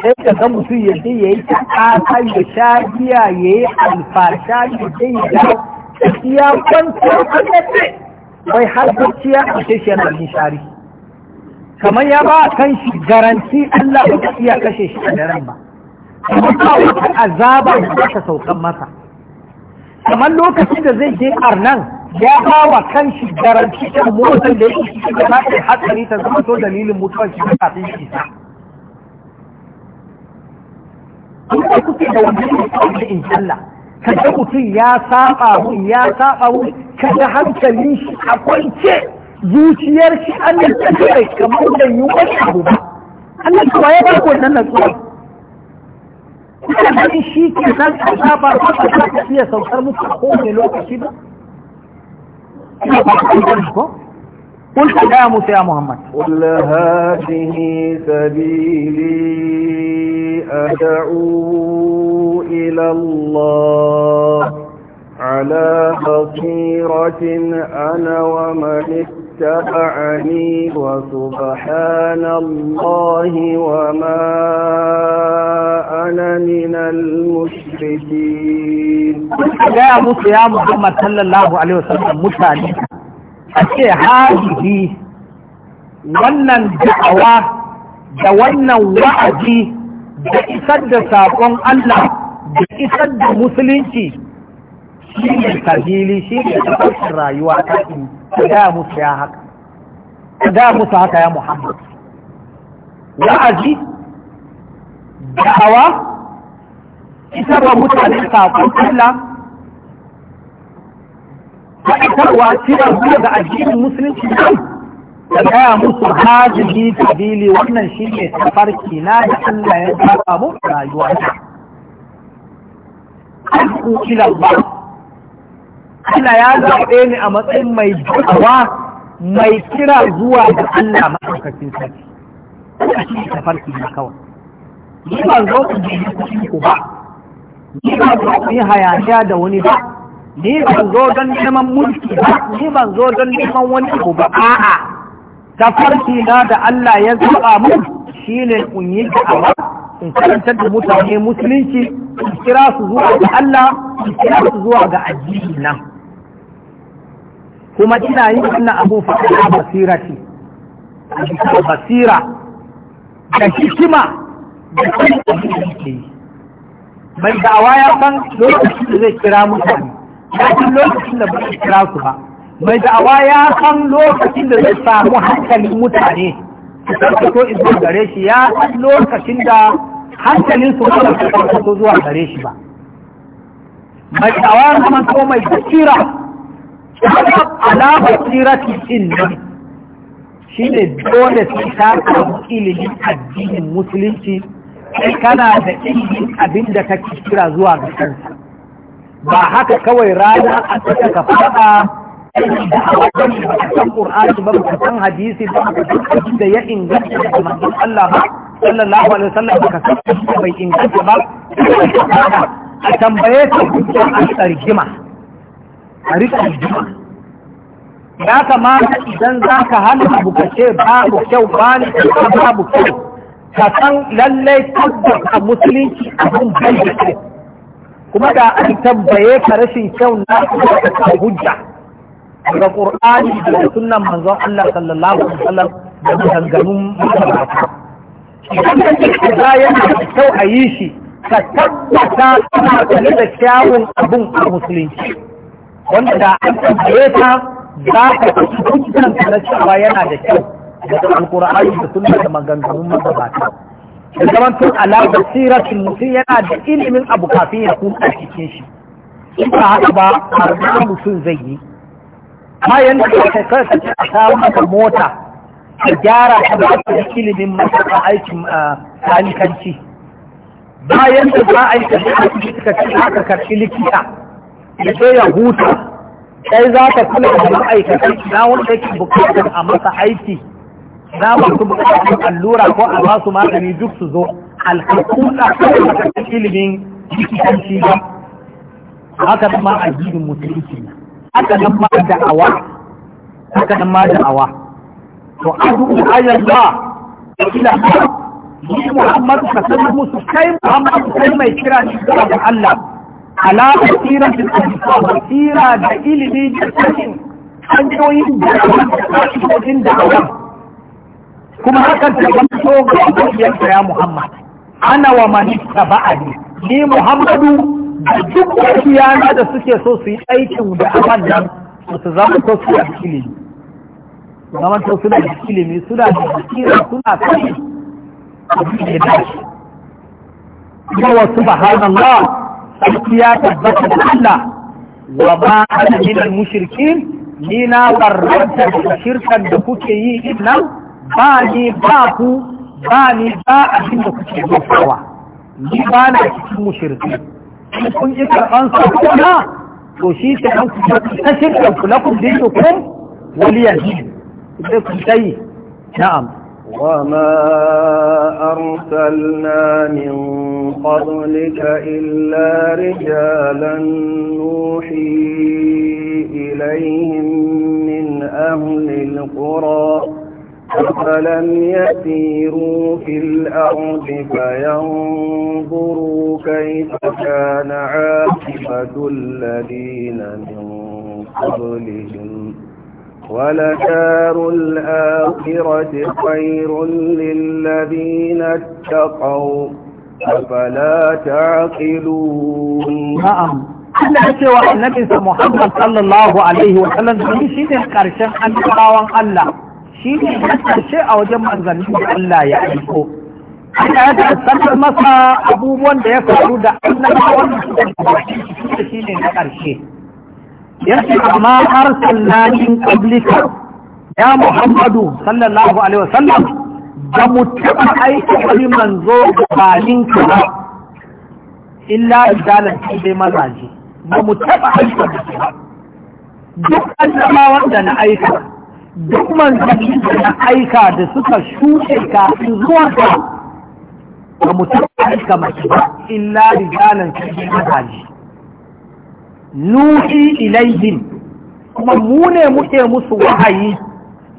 sai ka ga mutum ya je ya yi ƙasa ya sha giya ya yi alfasha ya je ya ga ya kwanta a ƙasa bai har gaciya a ce shi yana nishari kamar ya ba kan shi garanti Allah ba ka iya kashe shi a daren ba kuma ba wata azaba da ta saukan masa kamar lokacin da zai je arnan ya ba kan shi garanti cikin motsin da yake cikin da na kai hatsari ta zama to dalilin mutuwar shi ta kafin shi ta. Kuma kuke da wannan mutuwar da in ka kaga mutum ya saba mun ya saba mun ga hankalin shi a kwance zuciyar shi an da tsaye kamar da yi wani abu ba. yi kuma ya ba ku wannan natsuwa. Kuma da shi ke san a saba ba ta iya saukar mutu a kowane lokaci ba. قل يا موسى يا محمد قل هذه سبيلي أدعو إلى الله على بصيرة أنا ومن اتبعني وسبحان الله وما أنا من المشركين يا أبو يا محمد صلى الله عليه وسلم متعني أشياء هذه wannan da'awa da wannan wa'azi da isar da saƙon Allah da isar da musulunci shi ne sabili shi ne rayuwa ka gaya musu ya haka ka gaya musu haka ya muhammad wa'azi da'awa isarwa mutane saƙon Allah faɗakarwa kiran zuwa ga addinin musulunci nan da gaya musu hajji sabili wannan shi ne tafarki na da Allah ya zaɓa mu rayuwa ta. Alku ila Allah Allah ya zaɓe ni a matsayin mai da'awa mai kira zuwa ga Allah maɗaukakin sarki a shi ta farki na kawai ni ba zo ku je ni ku ba ni ba zo ku yi hayaniya da wani ba ni ba zo don neman mulki ba ni ban zo don neman wani ku ba a'a tafarki na da Allah ya zaba mu shine in yi da'awa in karantar da mutane musulunci in kira su zuwa ga Allah in kira su zuwa ga addini na kuma ina yin wannan abu basira ce a basira da hikima da kuma yi mai da'awa ya san lokacin da zai kira mutane ya san lokacin da ba zai kira su ba mai da'awa ya san lokacin da zai samu hankalin mutane su izuwa gare shi ya san lokacin da hankalin su ba su so zuwa gare shi ba mai da'awa zaman ko mai basira alamar sirati din ne shi ne dole su ta kawo ilimin addinin musulunci sai kana da ilimin abin da kake kira zuwa ga kansa ba haka kawai rana a ka faɗa aiki da a wajen da baka san Qur'ani ba baka san hadisi ba baka san da ya inganta da manzon Allah ba sallallahu alaihi wasallam baka san da bai inganta ba a tambaye ka hujja a tsargima a rika rigima ya kamata idan za ka hana abu ka ce babu kyau ba ne babu kyau ka san lallai tabbas a musulunci abin bai da kuma da an tambaye ka rashin kyau na ka hujja daga qur'ani da sunan manzon Allah sallallahu alaihi wasallam da maganganun mutane idan ka ce da yana da kyau a yi shi ka tabbata kana tare da kyawun abun a musulunci wanda da an tabbaye ta za ka ci dukkan na cewa yana da kyau daga alqur'ani da sunnan da maganganun mutane da zaman tun alaƙar siratun mutum yana da ilimin abu kafin ya kuma a cikin shi in ba haka ba a mutum zai yi amma yanda kai kai ka ce a kawo maka mota ka gyara ta ba ka ilimin a aikin kalikanci ba da za a yi ka ce ka ce aka karɓi likita ya ce ya huta sai za ka kula da ma'aikatan na wanda yake bukatar a masa aiki na masu bukatar allura ko a basu magani duk su zo alhakuna kawai da ilimin likitanci ba haka kuma addinin mutum na aka nan ma da'awa aka nan ma da'awa to da ayar ba ila ni Muhammad ka mu su kai Muhammad kai mai kira shi ga Allah ala basira da kira da ilimi da sanin hanyoyin da hanyoyin da kuma hakan ta zanto ga ya Muhammad ana wa man ba'adi. ni Muhammadu da duk yana da suke so su yi aikin da aman nan su zama ko su da ilimi zaman to suna da ilimi suna da basira suna kai da da shi ga wasu bahanallah sarkiya tabbata da Allah wa ma ana min mushrikin ni na da shirkan da kuke yi din nan ba ni ba ku ba ni ba abin da kuke yi ni ba na cikin mushrikin تكون اكره عن صحبه لا توشيك لكم دينكم وليهين نعم وما ارسلنا من قبلك الا رجالا نوحي اليهم من اهل القرى أفلم يسيروا في الأرض فينظروا كيف كان عاقبة الذين من قبلهم ولدار الآخرة خير للذين اتقوا أفلا تعقلون نعم أنا ya النبي محمد صلى الله عليه وسلم في shi كارشان karshen annabawan Allah shi ne karshe a wajen manzannin da Allah ya aiko Allah ya tattantar masa abubuwan da ya faru da annabawan da suka gabata shi ne na karshe Yanzu amma har sallanin qablika ya Muhammadu sallallahu alaihi wasallam da mu taɓa aiki wani manzo gabanin ka ba illa idalan sai mazaje ba mu taɓa aiki da duk annabawan da na aika duk manzanni da na aika da suka shuɗe kafin zuwa ka ba mu taɓa aika mace ba illa rijalan sai mazaji nuhi ilaihim kuma mu ne muke musu wahayi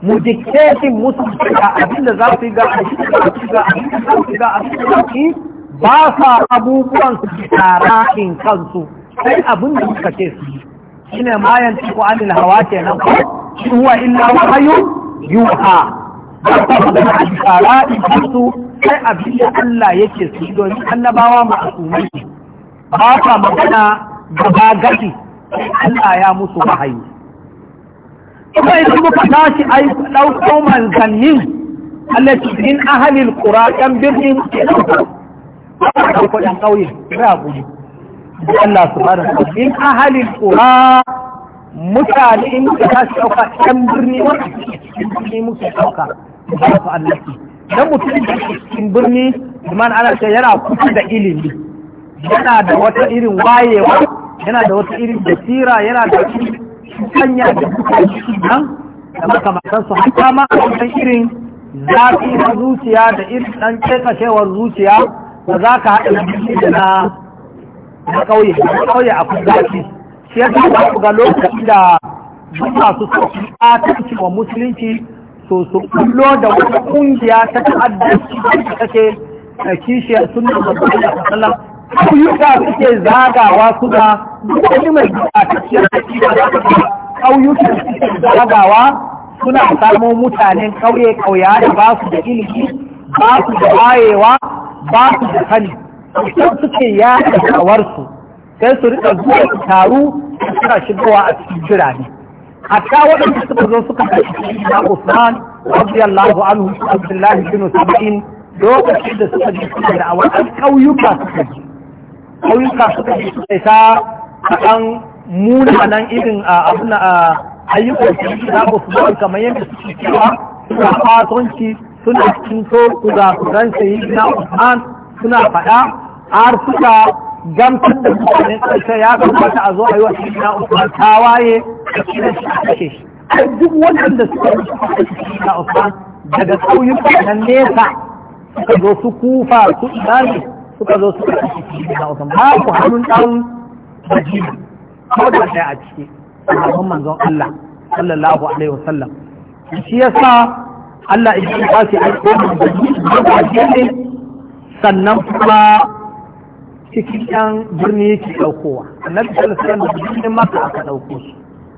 mu diktetin musu ga abin da za su yi ga abin da za su yi ga abin da za su yi ga ba sa abubuwan su in kansu sai abin da suka ce su yi shine ma ku anil hawa kenan ku? shi huwa illa wahyu yuha ba ta magana a tsara sai abin da Allah yake su domin annabawa ma'asumai ba ta magana gaba gadi Allah ya musu wahayi kuma idan muka tashi ai ɗauko manzannin allati min ahalil qura yan birnin ke ɗauko ɗauko ɗan ƙauye ba gudu Allah subhanahu wa ta'ala in ahalil qura mutane in ka tashi dauka ɗan birni wanda cikin muke dauka ba su annabi dan mutum da cikin birni liman ana ce yana kusa da ilimi yana da wata irin wayewa yana da wata irin basira yana da hanya da kuka nan da makamantar su hatta ma a irin zafi na zuciya da irin ɗan kekashewar zuciya da za ka haɗa da na na kauye na kauye a kudaci shi yasa za ku ga lokacin da duk su sauki a tafi wa musulunci so su kullo da wata kungiya ta ta'addanci da take kishiyar sunna sallallahu alaihi wasallam kauyuka suke zagawa su da wani mai gudatacciyar hakika da suka kauyuka suke zagawa suna samun mutanen kauye kauya da ba su da ilimi ba su da wayewa ba su da sani idan suke ya kawarsu sai su rika zuwa taru suna shigowa a cikin birane hatta waɗanda suka zo suka kashe na Usman radiyallahu anhu Abdullahi bin Sab'in lokacin da suka ji suna da awar ƙauyuka suka ji ƙauyuka suka ji suka isa a ɗan munanan irin abin ayyukan da na Usman kamar yadda suke cewa suna fatonci suna cikin so su ga su ran sayi na Usman suna faɗa har suka gamsar da mutanen ƙarshe ya kamata a zo a yi wa shi na Usman tawaye a kiran shi a kashe shi. Ai duk waɗanda suka yi shi na Usman daga ƙauyuka na nesa suka zo su kufa su imani suka zo suka kashe shi na Usman ku hannun ɗan Madina ko da ɗaya a ciki sahabban manzon Allah sallallahu alaihi wasallam. Shi yasa Allah ya ba shi alƙawarin da shi ne sannan kuma cikin yan birni yake ɗaukowa annabi sallallahu alaihi wasallam birnin maka aka ɗauko su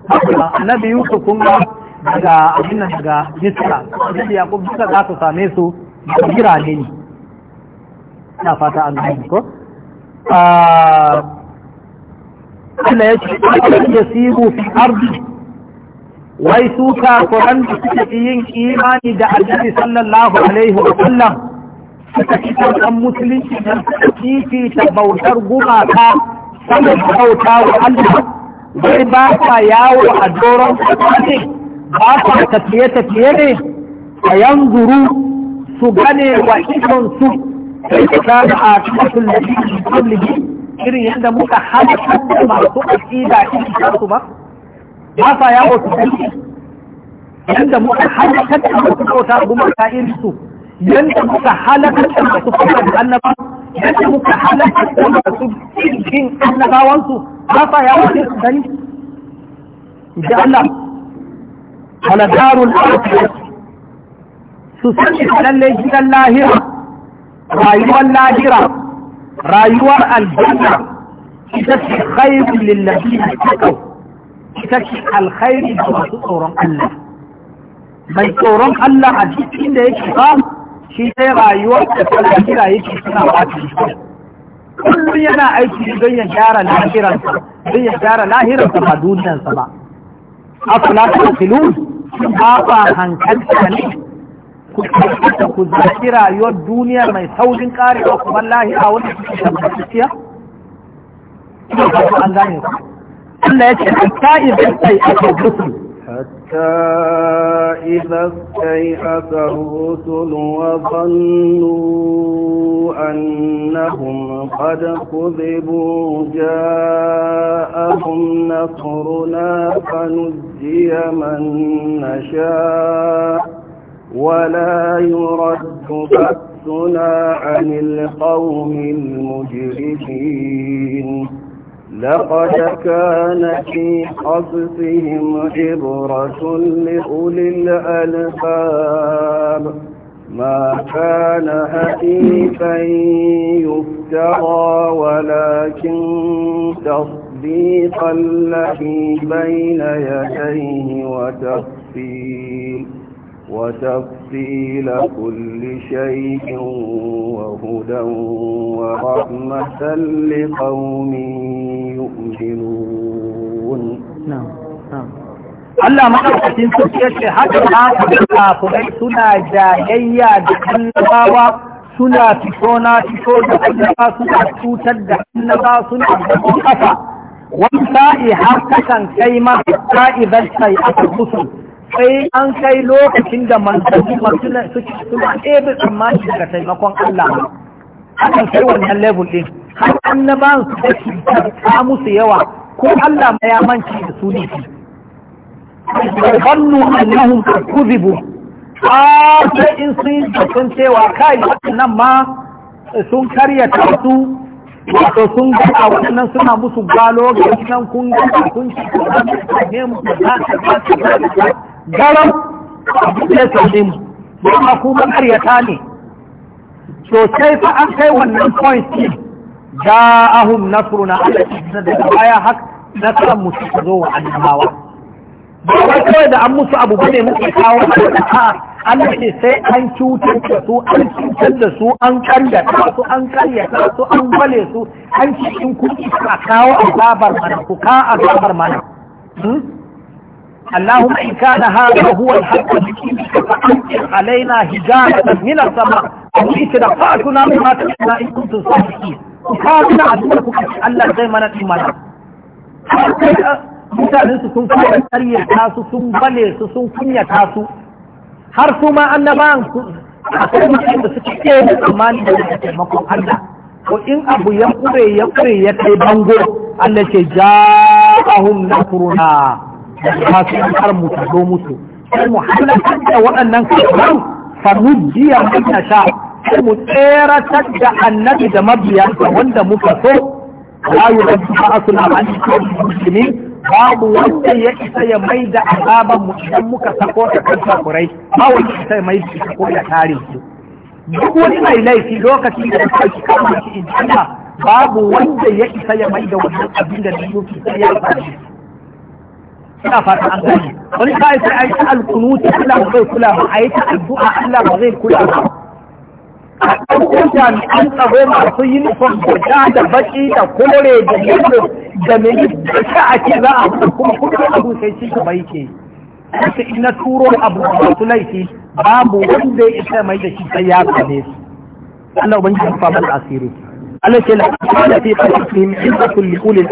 haka annabi yusuf kun ga daga abin nan daga misra annabi yaqub duka za su same su da birane ne na fata an gani ko ah, Allah ya ce yasiru fi ardi wai su ka Qur'an da suke yin imani da annabi sallallahu alaihi wa sallam suka ci sauran musulunci da fifita bautar gumaka sama da bauta wa Allah bai ba sa yawo a doron kwanne ba sa tafiye-tafiye ne a yanzuru su gane wa ikon su sai su gane a cikin lalibi irin yadda muka hana kuma masu aƙida cikin kasu ba ba sa yawo su gane yadda muka hana da masu bauta gumaka irin su ينتبك حالك أنك تفكر بأنك ينتبك حالك أنك تفكر بأنك أنك وانت أعطى يا وحيد سنين جعل على دار الأرض سسنف على الليجين اللاهرة رايوة اللاهرة رايوة الجنة تتكي خير للذين تتكوا تتكي الخير لما تتورن الله من تورن الله عزيزين ليش فاهم shi ne rayuwar da sallah kira yake suna ba kullum yana aiki don ya gyara lahiransa don ya gyara lahiransa ba duniyarsa ba kula ta filu ba ba hankalta ne ku tabbata ku zaki rayuwar duniya mai saurin karewa kuma lahira wanda suke tabbatacciya ina ba an gane ku Allah ya ce ta ibin sai aka gusu حتى إذا استيأس الرسل وظنوا أنهم قد كذبوا جاءهم نصرنا فنجي من نشاء ولا يرد بأسنا عن القوم المجرمين لقد كان في قصصهم عبرة لأولي الألباب ما كان حديثا يفترى ولكن تصديق الذي بين يديه وتفصيل وتفصيل تفصيل كل شيء وهدى ورحمة لقوم يؤمنون نعم نعم Allah maɗaukacin sarki yake haka na kafirai suna jayayya da annabawa suna fito na fito da annaba suna cutar da annaba suna gaban ƙasa wani sa'i har kasan kai ma sa'i zai sai aka musu sai an kai lokacin da manzanni suke suna ɗebe tsammani daga taimakon Allah akan kai wannan level ɗin har annaban su da shi ta musu yawa ko Allah ma ya manci da su ne shi zannu annahum kuzibu a sai in sun yi sun cewa kai nan ma sun karyata su wato sun gaba wannan suna musu galo ga nan kun gaba kun ci ne mu da ta ta garam abu da sauye mu ma kuma karyata ne sosai fa an kai wannan point din ja'ahum nasruna na ibn da baya hak nasaran musu ta zo wa annabawa ba wai kawai da an musu abu bane muke kawo a Allah ce sai an cutar da su an cutar da su an kandata su an karyata su an bale su an cikin kuɗi a kawo azabar mana ku ka azabar mana hmm? اللهم إن كان هذا هو الحق فأنزل علينا حجارة من السماء أو إشراقاتنا مما تشاء إن كنتم صادقين وكان عدوكم الله زي ما نتمنى mutanen su sun fara tsariya ta su sun bale su sun kunya ta su har su ma annabawan su akwai mutanen da suke ke da tsammani da mako Allah ko in abu ya kure ya kure ya kai bango Allah ce ja'ahum nasruna da su har mu zo mutu sai mu halaka da waɗannan kafiran fa nujiya man nasha sai mu tseratar da annabi da mabiyansa wanda muka so la yurdu ba'athuna an muslimin babu wanda ya isa ya mai da azaban mu idan muka sako ta kan sakurai ba wanda isa ya mai da ita ko ya kare su duk wani mai laifi lokacin da ya kai kama shi in babu wanda ya isa ya mai da wannan abin da yake sai ya kare ina fata an gani wani kai sai yi ta alkunuti Allah ba zai kula ba yi ta addu'a Allah ba zai kula ba a ɗaukar jami'an tsaro masu uniform da ja da baki da kore da yadda da mai da ake za a kuma kuma abu sai shi bai ke. haka ina turo abu masu laifi babu wanda ya isa mai da shi sai ya gane su Allah ban ubangiji ya fara asiri Allah ce la ta'ala fi qalbihim izzatun li ulil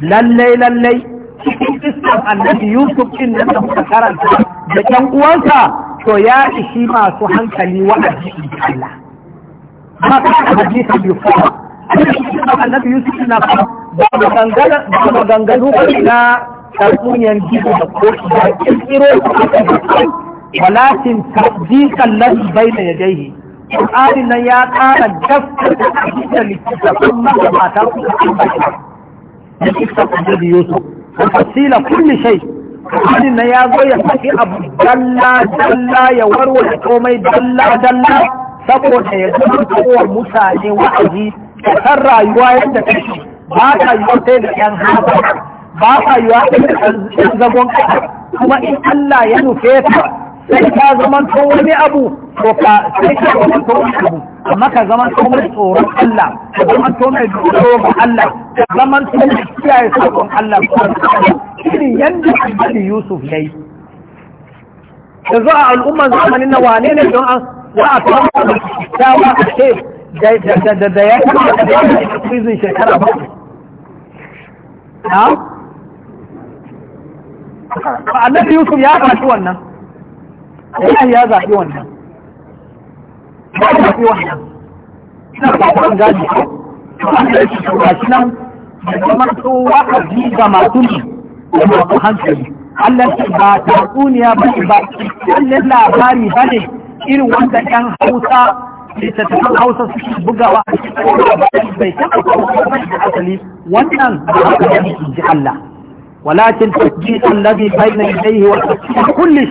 lallai lallai cikin islam annabi yusuf din nan da kuka karanta da ƴan uwansa to ya ishi masu hankali wa'azi Allah ba ka da hadisi yusufa annabi yusuf na fa ba da gangana ba da gangano ba ina tsuniyan gizo da koki da kirkiro walakin tasdiqan ladhi bayna yadayhi Qur'anin nan ya ƙara gaskata a cikin littattafan mata kuma su ka ambata da kitab Annabi Yusuf tafsila kulli shay hadin na ya zo ya faɗi abu dalla dalla ya warware komai dalla dalla saboda ya zama kowar mutane wa'azi da san rayuwa yadda take ba ta yiwa sai da yan haɗa ba ta yiwa sai da zagon kuma in Allah ya nufe ta sai ta zama abu to ka amma ka zaman to tsoron Allah ka zaman to mai tsoron Allah ka zaman to mai kiyaye sabon Allah shine yanda Annabi Yusuf yayi zo a al'ummar zamanin na wane ne don an za a kawo da kyawa a ce da ya kama da ya kama prison shekara ba ha annabi Yusuf ya zaɓi wannan ya zaɓi wannan ba ta ina shi nan ga masu ne da masu ba tatsuniya ba ba labari ba ne irin wanda yan hausa littattafan hausa suke bugawa a cikin bai taɓa wannan da haka ji Allah walakin tasbiqan ladhi bayna yadayhi wa tasbiqan kulli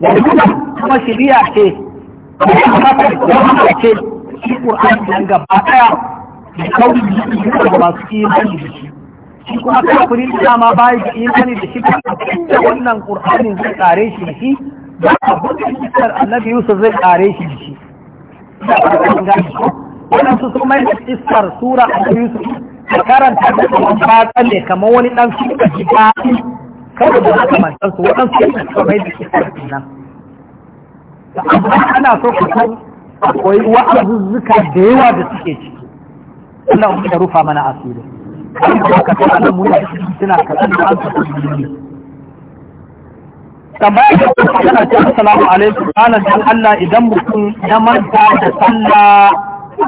wa kuma shirya ce don haka ce shi ƙur'ani nan gaba ɗaya da kauri da shi da masu imani da shi shi kuma kafirin da ma bayi da imani da shi ba da wannan ƙur'anin zai ƙare shi da shi ba abin da shi annabi Yusuf zai ƙare shi da shi waɗansu sun mai da iskar sura a Yusuf da karanta da kamar batsan ne kamar wani ɗan shi da shi ba kawai da haka mantansu waɗansu sun mai da iskar nan ana so ku san akwai wa'azuzzuka da yawa da suke ciki Allah ya rufa mana asiri an ba ka san Allah mun suna kasan da an ta duniya tambaya ta kana ta assalamu alaikum kana dan Allah idan mutum ya manta da sallah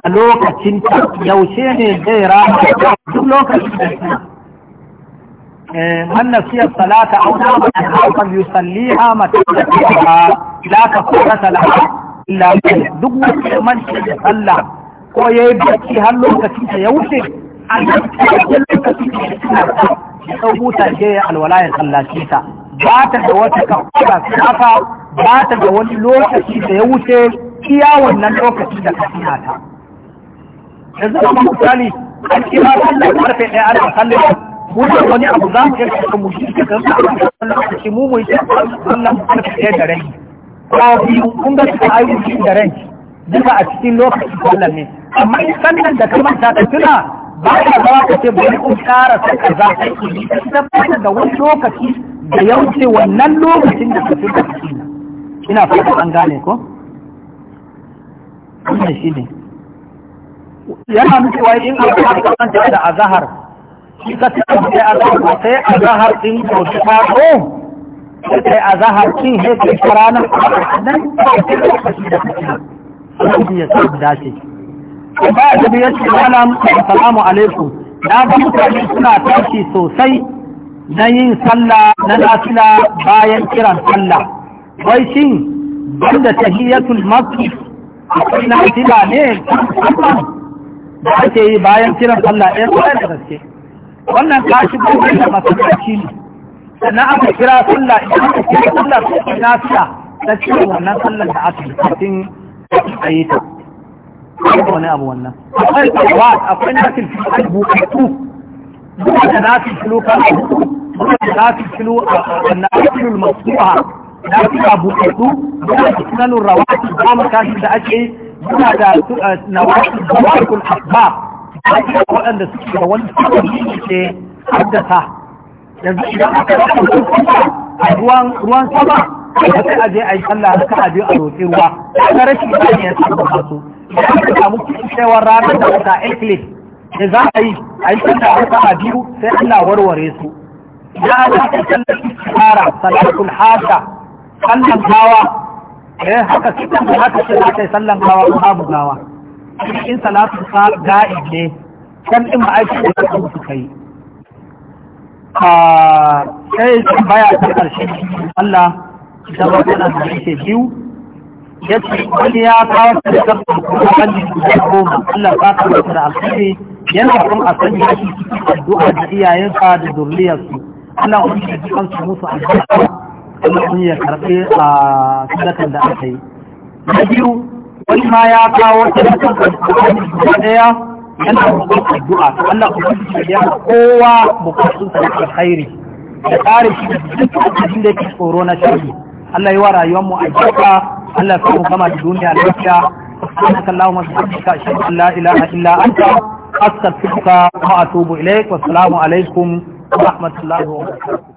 a lokacin ta yaushe ne zai rama duk lokacin da من نسي الصلاة أو نام عنها فليصليها متى لا كفارة لها إلا duk من man ko ya yi bacci har lokacin da ya wuce an yi lokacin da suna ta sau huta ke alwala ya sallace ta ba ta da wata kafara haka ba ta da wani lokaci da ya wuce iya wannan lokaci da ka suna ta yanzu kuma misali an kira Allah karfe ɗaya ana sallah wannan wani abu za mu yarda mu shi ka ga lokaci mu mu yi wannan kuma da rai ko biyu kun ga ta ayi da rai duka a cikin lokaci ko sallan ne amma sannan da kamar ta tuna ba ka zama ka ce bari kun kara saka za ka yi tabbatar da wani lokaci da ya wuce wannan lokacin da ka fi da cikin ina fata an gane ko wannan shi ne yana nufin in abu a kasance da azahar shi ka sai a zahar sai a sai a sai nan nan ya ba da biya assalamu alaikum na ga mutane suna tashi sosai na yin sallah na nafila bayan kiran sallah wai shin banda tahiyatul masjid akwai nafila ne da ake yi bayan kiran sallah ɗaya da gaske wannan ka shi gobe da masallaci ne sannan aka kira sallah idan aka kira sallah da na fiya ta cire wannan sallar da aka yi kafin a yi ta akwai wani abu wannan akwai tsawa akwai nafil filu bukatu duka da nafil filu kan duka da nafil filu a nafilul masuha nafil bukatu duka da sunanun rawati da kashi da ake yi duka da nawakil zawakul asbab ake waɗanda suke da wani sabon ke haddasa yanzu idan aka rasa a ruwan ruwan sama da sai aje a yi sallah ka aje a roƙi ruwa ka rashin ne ya samu masu idan ka samu kusurcewar ranar da wata eclipse da za a yi a yi sallah a sa'a biyu sai Allah warware su idan an haka sallar istihara salatul hasa sallan gawa eh haka kitan da haka ce za ta yi sallan gawa babu gawa kuma in salatu ka ga'ib ne kan din ba aiki da kuma su kai sai baya ta karshe Allah da wannan da yake biyu ce, wani ya kawo da sabon Qur'ani da goma Allah ka ta da alkhairi yana kuma a san yi shi cikin addu'a da iyayensa da zurriyarsu Allah wani da kan su musu addu'a Allah yi karfe a sadakan da aka yi na biyu wani ma ya kawo ta da kan kuma daya yana roƙon addu'a Allah ku ji ya kowa bukatun sa da khairi da shi abin da yake tsoro na shari Allah ya wa rayuwar mu albarka Allah ya samu gama da duniya lafiya سبحانك اللهم وبحمدك اشهد ان لا اله الا انت استغفرك واتوب اليك alaikum, wa ورحمه wa